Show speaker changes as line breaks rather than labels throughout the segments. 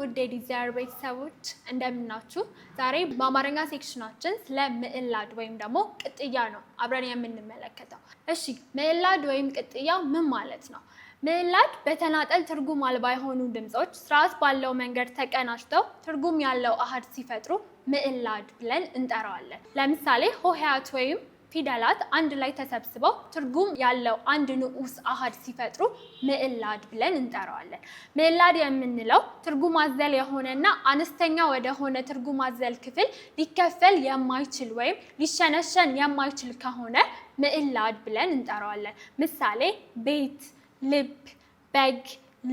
ውድ የዲዛይር ቤተሰቦች እንደምናችሁ። ዛሬ በአማርኛ ሴክሽናችን ስለ ምዕላድ ወይም ደግሞ ቅጥያ ነው አብረን የምንመለከተው። እሺ ምዕላድ ወይም ቅጥያ ምን ማለት ነው? ምዕላድ በተናጠል ትርጉም አልባ የሆኑ ድምፆች ስርዓት ባለው መንገድ ተቀናጅተው ትርጉም ያለው አህድ ሲፈጥሩ ምዕላድ ብለን እንጠራዋለን። ለምሳሌ ሆሄያት ወይም ፊደላት አንድ ላይ ተሰብስበው ትርጉም ያለው አንድ ንዑስ አሃድ ሲፈጥሩ ምዕላድ ብለን እንጠራዋለን። ምዕላድ የምንለው ትርጉም አዘል የሆነና አነስተኛ ወደሆነ ትርጉም አዘል ክፍል ሊከፈል የማይችል ወይም ሊሸነሸን የማይችል ከሆነ ምዕላድ ብለን እንጠራዋለን። ምሳሌ ቤት፣ ልብ፣ በግ፣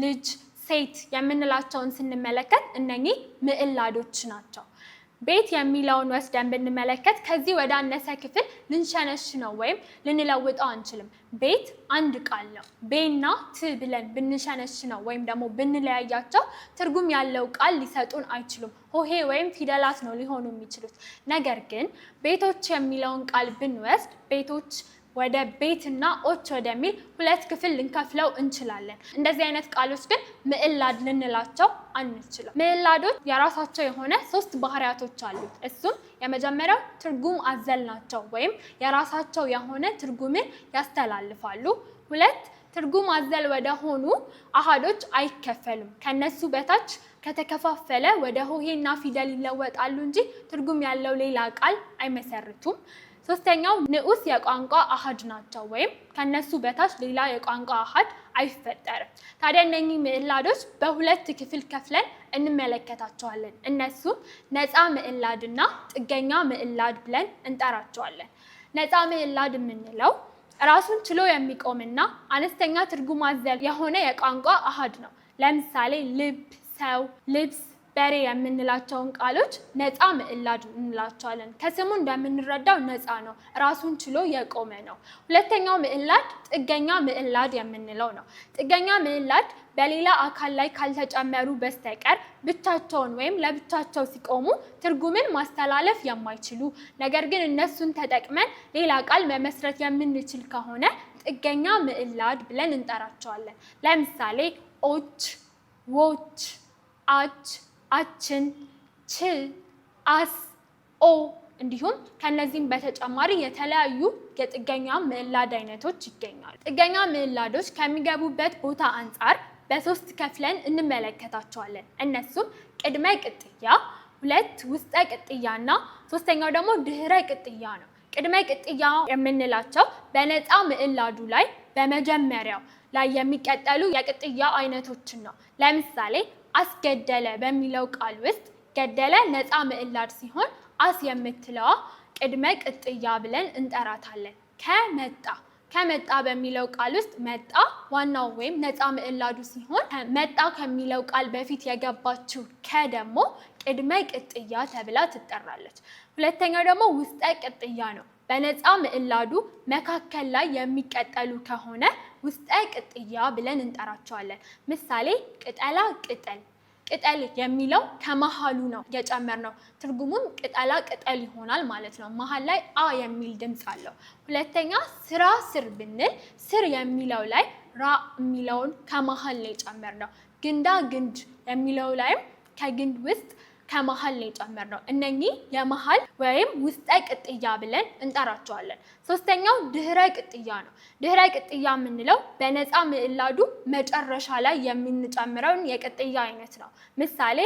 ልጅ፣ ሴት የምንላቸውን ስንመለከት እነኚህ ምዕላዶች ናቸው። ቤት የሚለውን ወስደን ብንመለከት ከዚህ ወደ አነሰ ክፍል ልንሸነሽ ነው ወይም ልንለውጠው አንችልም። ቤት አንድ ቃል ነው። ቤና ት ብለን ብንሸነሽ ነው ወይም ደግሞ ብንለያያቸው ትርጉም ያለው ቃል ሊሰጡን አይችሉም። ሆሄ ወይም ፊደላት ነው ሊሆኑ የሚችሉት። ነገር ግን ቤቶች የሚለውን ቃል ብንወስድ ቤቶች ወደ ቤትና ኦች ወደሚል ሁለት ክፍል ልንከፍለው እንችላለን። እንደዚህ አይነት ቃሎች ግን ምዕላድ ልንላቸው አንችልም። ምዕላዶች የራሳቸው የሆነ ሶስት ባህሪያቶች አሉት። እሱም የመጀመሪያው ትርጉም አዘል ናቸው፣ ወይም የራሳቸው የሆነ ትርጉምን ያስተላልፋሉ። ሁለት ትርጉም አዘል ወደ ሆኑ አሃዶች አይከፈሉም። ከነሱ በታች ከተከፋፈለ ወደ ሆሄና ፊደል ይለወጣሉ እንጂ ትርጉም ያለው ሌላ ቃል አይመሰርቱም። ሶስተኛው ንዑስ የቋንቋ አሃድ ናቸው ወይም ከነሱ በታች ሌላ የቋንቋ አሃድ አይፈጠርም። ታዲያ እነኚህ ምዕላዶች በሁለት ክፍል ከፍለን እንመለከታቸዋለን። እነሱም ነፃ ምዕላድ እና ጥገኛ ምዕላድ ብለን እንጠራቸዋለን። ነፃ ምዕላድ የምንለው ራሱን ችሎ የሚቆምና አነስተኛ ትርጉም አዘል የሆነ የቋንቋ አሃድ ነው። ለምሳሌ ልብ፣ ሰው፣ ልብስ በሬ የምንላቸውን ቃሎች ነፃ ምዕላድ እንላቸዋለን። ከስሙ እንደምንረዳው ነፃ ነው፣ ራሱን ችሎ የቆመ ነው። ሁለተኛው ምዕላድ ጥገኛ ምዕላድ የምንለው ነው። ጥገኛ ምዕላድ በሌላ አካል ላይ ካልተጨመሩ በስተቀር ብቻቸውን ወይም ለብቻቸው ሲቆሙ ትርጉምን ማስተላለፍ የማይችሉ ነገር ግን እነሱን ተጠቅመን ሌላ ቃል መመስረት የምንችል ከሆነ ጥገኛ ምዕላድ ብለን እንጠራቸዋለን። ለምሳሌ ኦች፣ ዎች፣ አች አችን፣ ች፣ አስ፣ ኦ እንዲሁም ከነዚህም በተጨማሪ የተለያዩ የጥገኛ ምዕላድ አይነቶች ይገኛሉ። ጥገኛ ምዕላዶች ከሚገቡበት ቦታ አንጻር በሶስት ከፍለን እንመለከታቸዋለን። እነሱም ቅድመ ቅጥያ፣ ሁለት ውስጠ ቅጥያ እና ሶስተኛው ደግሞ ድህረ ቅጥያ ነው። ቅድመ ቅጥያ የምንላቸው በነፃ ምዕላዱ ላይ በመጀመሪያው ላይ የሚቀጠሉ የቅጥያ አይነቶችን ነው። ለምሳሌ አስገደለ በሚለው ቃል ውስጥ ገደለ ነፃ ምዕላድ ሲሆን አስ የምትለዋ ቅድመ ቅጥያ ብለን እንጠራታለን። ከመጣ ከመጣ በሚለው ቃል ውስጥ መጣ ዋናው ወይም ነፃ ምዕላዱ ሲሆን መጣ ከሚለው ቃል በፊት የገባችው ከ ደግሞ ቅድመ ቅጥያ ተብላ ትጠራለች። ሁለተኛው ደግሞ ውስጠ ቅጥያ ነው። በነፃ ምዕላዱ መካከል ላይ የሚቀጠሉ ከሆነ ውስጠ ቅጥያ ብለን እንጠራቸዋለን። ምሳሌ ቅጠላ ቅጠል። ቅጠል የሚለው ከመሃሉ ነው ነው። ትርጉሙም ቅጠላ ቅጠል ይሆናል ማለት ነው። መሀል ላይ አ የሚል ድምፅ አለው። ሁለተኛ ስራ ስር ብንል ስር የሚለው ላይ ራ የሚለውን ከመሀል ነው ግንዳ ግንድ የሚለው ላይም ከግንድ ውስጥ ከመሀል ነው የጨመርነው። እነኚህ የመሀል ወይም ውስጠ ቅጥያ ብለን እንጠራቸዋለን። ሶስተኛው ድህረ ቅጥያ ነው። ድህረ ቅጥያ የምንለው በነፃ ምዕላዱ መጨረሻ ላይ የምንጨምረውን የቅጥያ አይነት ነው። ምሳሌ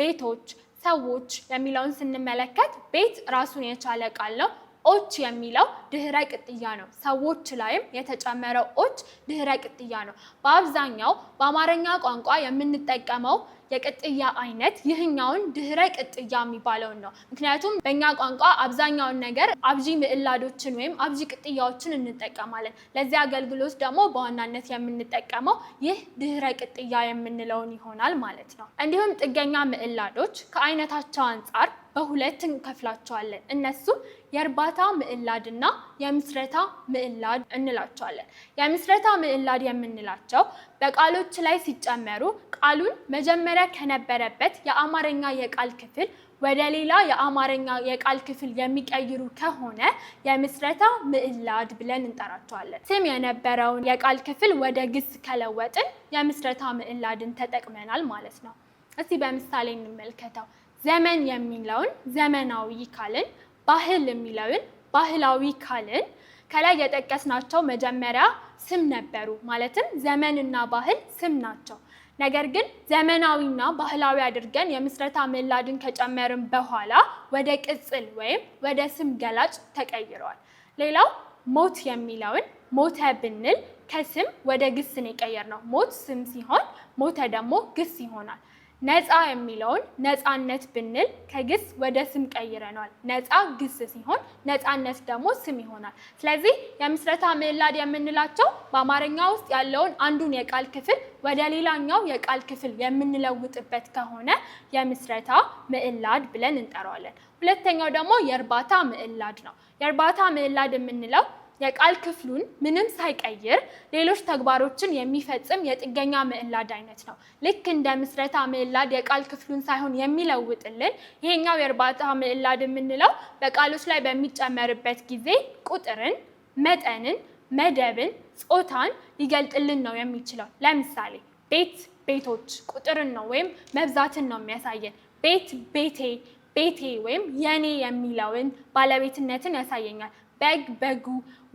ቤቶች፣ ሰዎች የሚለውን ስንመለከት ቤት ራሱን የቻለ ቃል ነው። ኦች የሚለው ድህረ ቅጥያ ነው። ሰዎች ላይም የተጨመረው ኦች ድህረ ቅጥያ ነው። በአብዛኛው በአማርኛ ቋንቋ የምንጠቀመው የቅጥያ አይነት ይህኛውን ድህረ ቅጥያ የሚባለውን ነው። ምክንያቱም በእኛ ቋንቋ አብዛኛውን ነገር አብዢ ምዕላዶችን ወይም አብዢ ቅጥያዎችን እንጠቀማለን። ለዚህ አገልግሎት ደግሞ በዋናነት የምንጠቀመው ይህ ድህረ ቅጥያ የምንለውን ይሆናል ማለት ነው። እንዲሁም ጥገኛ ምዕላዶች ከአይነታቸው አንጻር በሁለት እንከፍላቸዋለን። እነሱም የእርባታ ምዕላድና የምስረታ ምዕላድ እንላቸዋለን። የምስረታ ምዕላድ የምንላቸው በቃሎች ላይ ሲጨመሩ ቃሉን መጀመሪያ ከነበረበት የአማርኛ የቃል ክፍል ወደ ሌላ የአማርኛ የቃል ክፍል የሚቀይሩ ከሆነ የምስረታ ምዕላድ ብለን እንጠራቸዋለን። ስም የነበረውን የቃል ክፍል ወደ ግስ ከለወጥን የምስረታ ምዕላድን ተጠቅመናል ማለት ነው። እስቲ በምሳሌ እንመልከተው። ዘመን የሚለውን ዘመናዊ ካልን፣ ባህል የሚለውን ባህላዊ ካልን ከላይ የጠቀስናቸው መጀመሪያ ስም ነበሩ። ማለትም ዘመንና ባህል ስም ናቸው። ነገር ግን ዘመናዊና ባህላዊ አድርገን የምስረታ ምላድን ከጨመርን በኋላ ወደ ቅጽል ወይም ወደ ስም ገላጭ ተቀይረዋል። ሌላው ሞት የሚለውን ሞተ ብንል ከስም ወደ የቀየር ነው ሞት ስም ሲሆን፣ ሞተ ደግሞ ግስ ይሆናል። ነፃ የሚለውን ነፃነት ብንል ከግስ ወደ ስም ቀይረነዋል። ነፃ ግስ ሲሆን ነፃነት ደግሞ ስም ይሆናል። ስለዚህ የምስረታ ምዕላድ የምንላቸው በአማርኛ ውስጥ ያለውን አንዱን የቃል ክፍል ወደ ሌላኛው የቃል ክፍል የምንለውጥበት ከሆነ የምስረታ ምዕላድ ብለን እንጠራዋለን። ሁለተኛው ደግሞ የእርባታ ምዕላድ ነው። የእርባታ ምዕላድ የምንለው የቃል ክፍሉን ምንም ሳይቀይር ሌሎች ተግባሮችን የሚፈጽም የጥገኛ ምዕላድ አይነት ነው። ልክ እንደ ምስረታ ምዕላድ የቃል ክፍሉን ሳይሆን የሚለውጥልን ይሄኛው የእርባታ ምዕላድ የምንለው በቃሎች ላይ በሚጨመርበት ጊዜ ቁጥርን፣ መጠንን፣ መደብን፣ ጾታን ሊገልጥልን ነው የሚችለው። ለምሳሌ ቤት ቤቶች ቁጥርን ነው ወይም መብዛትን ነው የሚያሳየን። ቤት ቤቴ ቤቴ ወይም የኔ የሚለውን ባለቤትነትን ያሳየኛል። በግ በጉ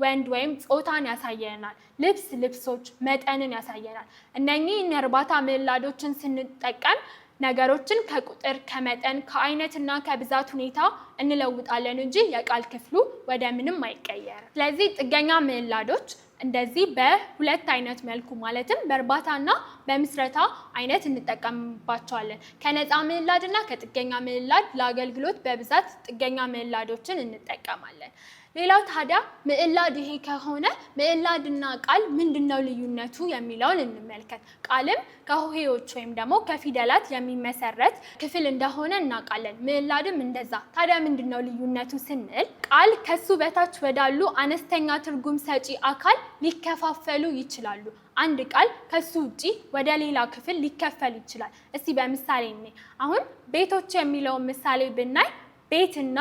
ወንድ ወይም ጾታን ያሳየናል። ልብስ ልብሶች መጠንን ያሳየናል። እነኚህን እርባታ ምዕላዶችን ስንጠቀም ነገሮችን ከቁጥር ከመጠን ከአይነትና ከብዛት ሁኔታ እንለውጣለን እንጂ የቃል ክፍሉ ወደ ምንም አይቀየርም። ስለዚህ ጥገኛ ምዕላዶች እንደዚህ በሁለት አይነት መልኩ ማለትም በእርባታና በምስረታ አይነት እንጠቀምባቸዋለን። ከነፃ ምዕላድና ከጥገኛ ምዕላድ ለአገልግሎት በብዛት ጥገኛ ምዕላዶችን እንጠቀማለን። ሌላው ታዲያ ምዕላድ ይሄ ከሆነ ምዕላድና ቃል ምንድነው ልዩነቱ የሚለውን እንመልከት። ቃልም ከሆሄዎች ወይም ደግሞ ከፊደላት የሚመሰረት ክፍል እንደሆነ እናውቃለን። ምዕላድም እንደዛ። ታዲያ ምንድነው ልዩነቱ ስንል ቃል ከሱ በታች ወዳሉ አነስተኛ ትርጉም ሰጪ አካል ሊከፋፈሉ ይችላሉ። አንድ ቃል ከሱ ውጪ ወደ ሌላ ክፍል ሊከፈል ይችላል። እስቲ በምሳሌ እኔ አሁን ቤቶች የሚለውን ምሳሌ ብናይ ቤትና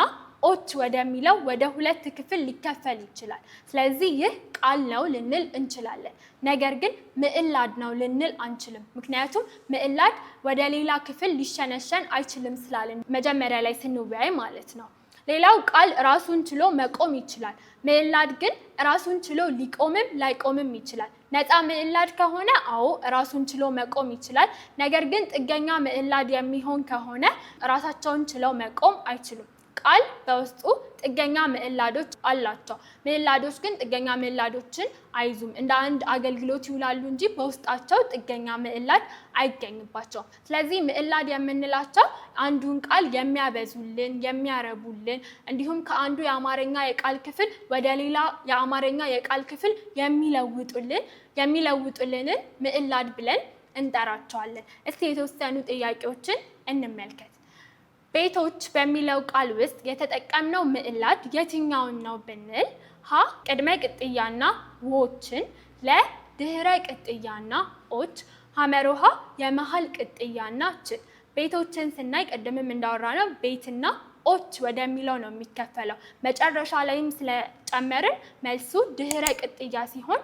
ኦች ወደሚለው ወደ ሁለት ክፍል ሊከፈል ይችላል። ስለዚህ ይህ ቃል ነው ልንል እንችላለን። ነገር ግን ምዕላድ ነው ልንል አንችልም። ምክንያቱም ምዕላድ ወደ ሌላ ክፍል ሊሸነሸን አይችልም ስላለን መጀመሪያ ላይ ስንወያይ ማለት ነው። ሌላው ቃል ራሱን ችሎ መቆም ይችላል። ምዕላድ ግን ራሱን ችሎ ሊቆምም ላይቆምም ይችላል። ነፃ ምዕላድ ከሆነ አዎ ራሱን ችሎ መቆም ይችላል። ነገር ግን ጥገኛ ምዕላድ የሚሆን ከሆነ ራሳቸውን ችለው መቆም አይችሉም። ቃል በውስጡ ጥገኛ ምዕላዶች አላቸው። ምዕላዶች ግን ጥገኛ ምዕላዶችን አይዙም። እንደ አንድ አገልግሎት ይውላሉ እንጂ በውስጣቸው ጥገኛ ምዕላድ አይገኝባቸውም። ስለዚህ ምዕላድ የምንላቸው አንዱን ቃል የሚያበዙልን፣ የሚያረቡልን እንዲሁም ከአንዱ የአማርኛ የቃል ክፍል ወደ ሌላ የአማርኛ የቃል ክፍል የሚለውጡልን የሚለውጡልንን ምዕላድ ብለን እንጠራቸዋለን። እስቲ የተወሰኑ ጥያቄዎችን እንመልከት። ቤቶች በሚለው ቃል ውስጥ የተጠቀምነው ምዕላድ የትኛውን ነው ብንል ሀ ቅድመ ቅጥያና ዎችን፣ ለ ድህረ ቅጥያና ኦች፣ ሀመሮሃ የመሀል ቅጥያና ችን። ቤቶችን ስናይ ቅድምም እንዳወራ ነው ቤትና ኦች ወደሚለው ነው የሚከፈለው። መጨረሻ ላይም ስለጨመርን መልሱ ድህረ ቅጥያ ሲሆን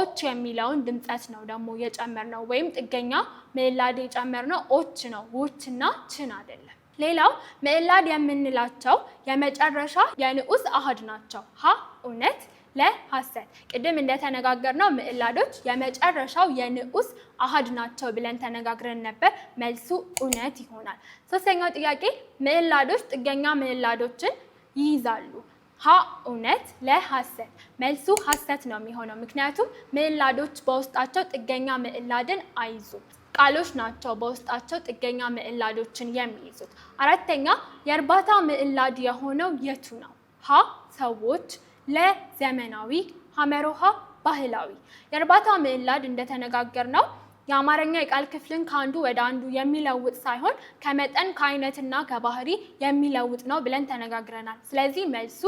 ኦች የሚለውን ድምፀት ነው ደግሞ የጨመርነው ወይም ጥገኛ ምዕላድ የጨመርነው ኦች ነው ዎችና ችን አይደለም። ሌላው ምዕላድ የምንላቸው የመጨረሻ የንዑስ አሃድ ናቸው። ሀ እውነት፣ ለ ሐሰት። ቅድም እንደተነጋገርነው ምዕላዶች የመጨረሻው የንዑስ አሃድ ናቸው ብለን ተነጋግረን ነበር። መልሱ እውነት ይሆናል። ሶስተኛው ጥያቄ ምዕላዶች ጥገኛ ምዕላዶችን ይይዛሉ። ሀ እውነት፣ ለ ሐሰት። መልሱ ሐሰት ነው የሚሆነው፣ ምክንያቱም ምዕላዶች በውስጣቸው ጥገኛ ምዕላድን አይዙም። ቃሎች ናቸው በውስጣቸው ጥገኛ ምዕላዶችን የሚይዙት። አራተኛ የእርባታ ምዕላድ የሆነው የቱ ነው? ሀ ሰዎች፣ ለ ዘመናዊ፣ ሐመሮሃ ባህላዊ። የእርባታ ምዕላድ እንደተነጋገር ነው የአማርኛ የቃል ክፍልን ከአንዱ ወደ አንዱ የሚለውጥ ሳይሆን ከመጠን ከአይነትና ከባህሪ የሚለውጥ ነው ብለን ተነጋግረናል። ስለዚህ መልሱ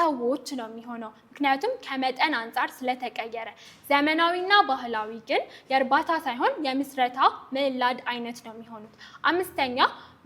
ሰዎች ነው የሚሆነው፣ ምክንያቱም ከመጠን አንጻር ስለተቀየረ። ዘመናዊና ባህላዊ ግን የእርባታ ሳይሆን የምስረታ ምዕላድ አይነት ነው የሚሆኑት። አምስተኛ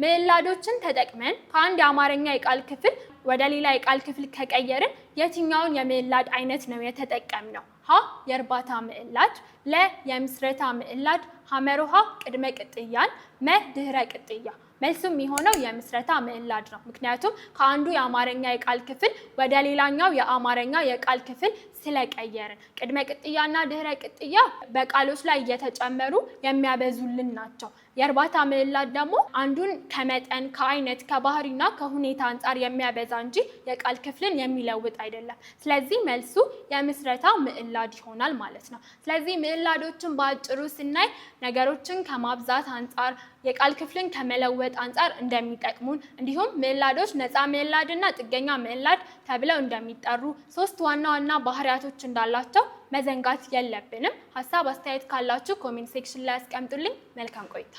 ምዕላዶችን ተጠቅመን ከአንድ የአማርኛ የቃል ክፍል ወደ ሌላ የቃል ክፍል ከቀየርን የትኛውን የምዕላድ አይነት ነው የተጠቀምነው? ሀ የእርባታ ምዕላድ፣ ለ የምስረታ ምዕላድ፣ ሐመሮሃ ቅድመ ቅጥያን፣ መ ድህረ ቅጥያ። መልሱም የሆነው የምስረታ ምዕላድ ነው። ምክንያቱም ከአንዱ የአማርኛ የቃል ክፍል ወደ ሌላኛው የአማርኛ የቃል ክፍል ስለቀየርን። ቅድመ ቅጥያና ድህረ ቅጥያ በቃሎች ላይ እየተጨመሩ የሚያበዙልን ናቸው። የእርባታ ምህላት ደግሞ አንዱን ከመጠን ከአይነት ከባህሪና ከሁኔታ አንጻር የሚያበዛ እንጂ የቃል ክፍልን የሚለውጥ አይደለም። ስለዚህ መልሱ የምስረታ ምዕላድ ይሆናል ማለት ነው። ስለዚህ ምዕላዶችን በአጭሩ ስናይ ነገሮችን ከማብዛት አንጻር የቃል ክፍልን ከመለወጥ አንጻር እንደሚጠቅሙን እንዲሁም ምዕላዶች ነፃ ምዕላድ እና ጥገኛ ምዕላድ ተብለው እንደሚጠሩ ሶስት ዋና ዋና ባህሪያቶች እንዳላቸው መዘንጋት የለብንም። ሀሳብ አስተያየት ካላችሁ ኮሜንት ሴክሽን ላይ ያስቀምጡልኝ። መልካም ቆይታ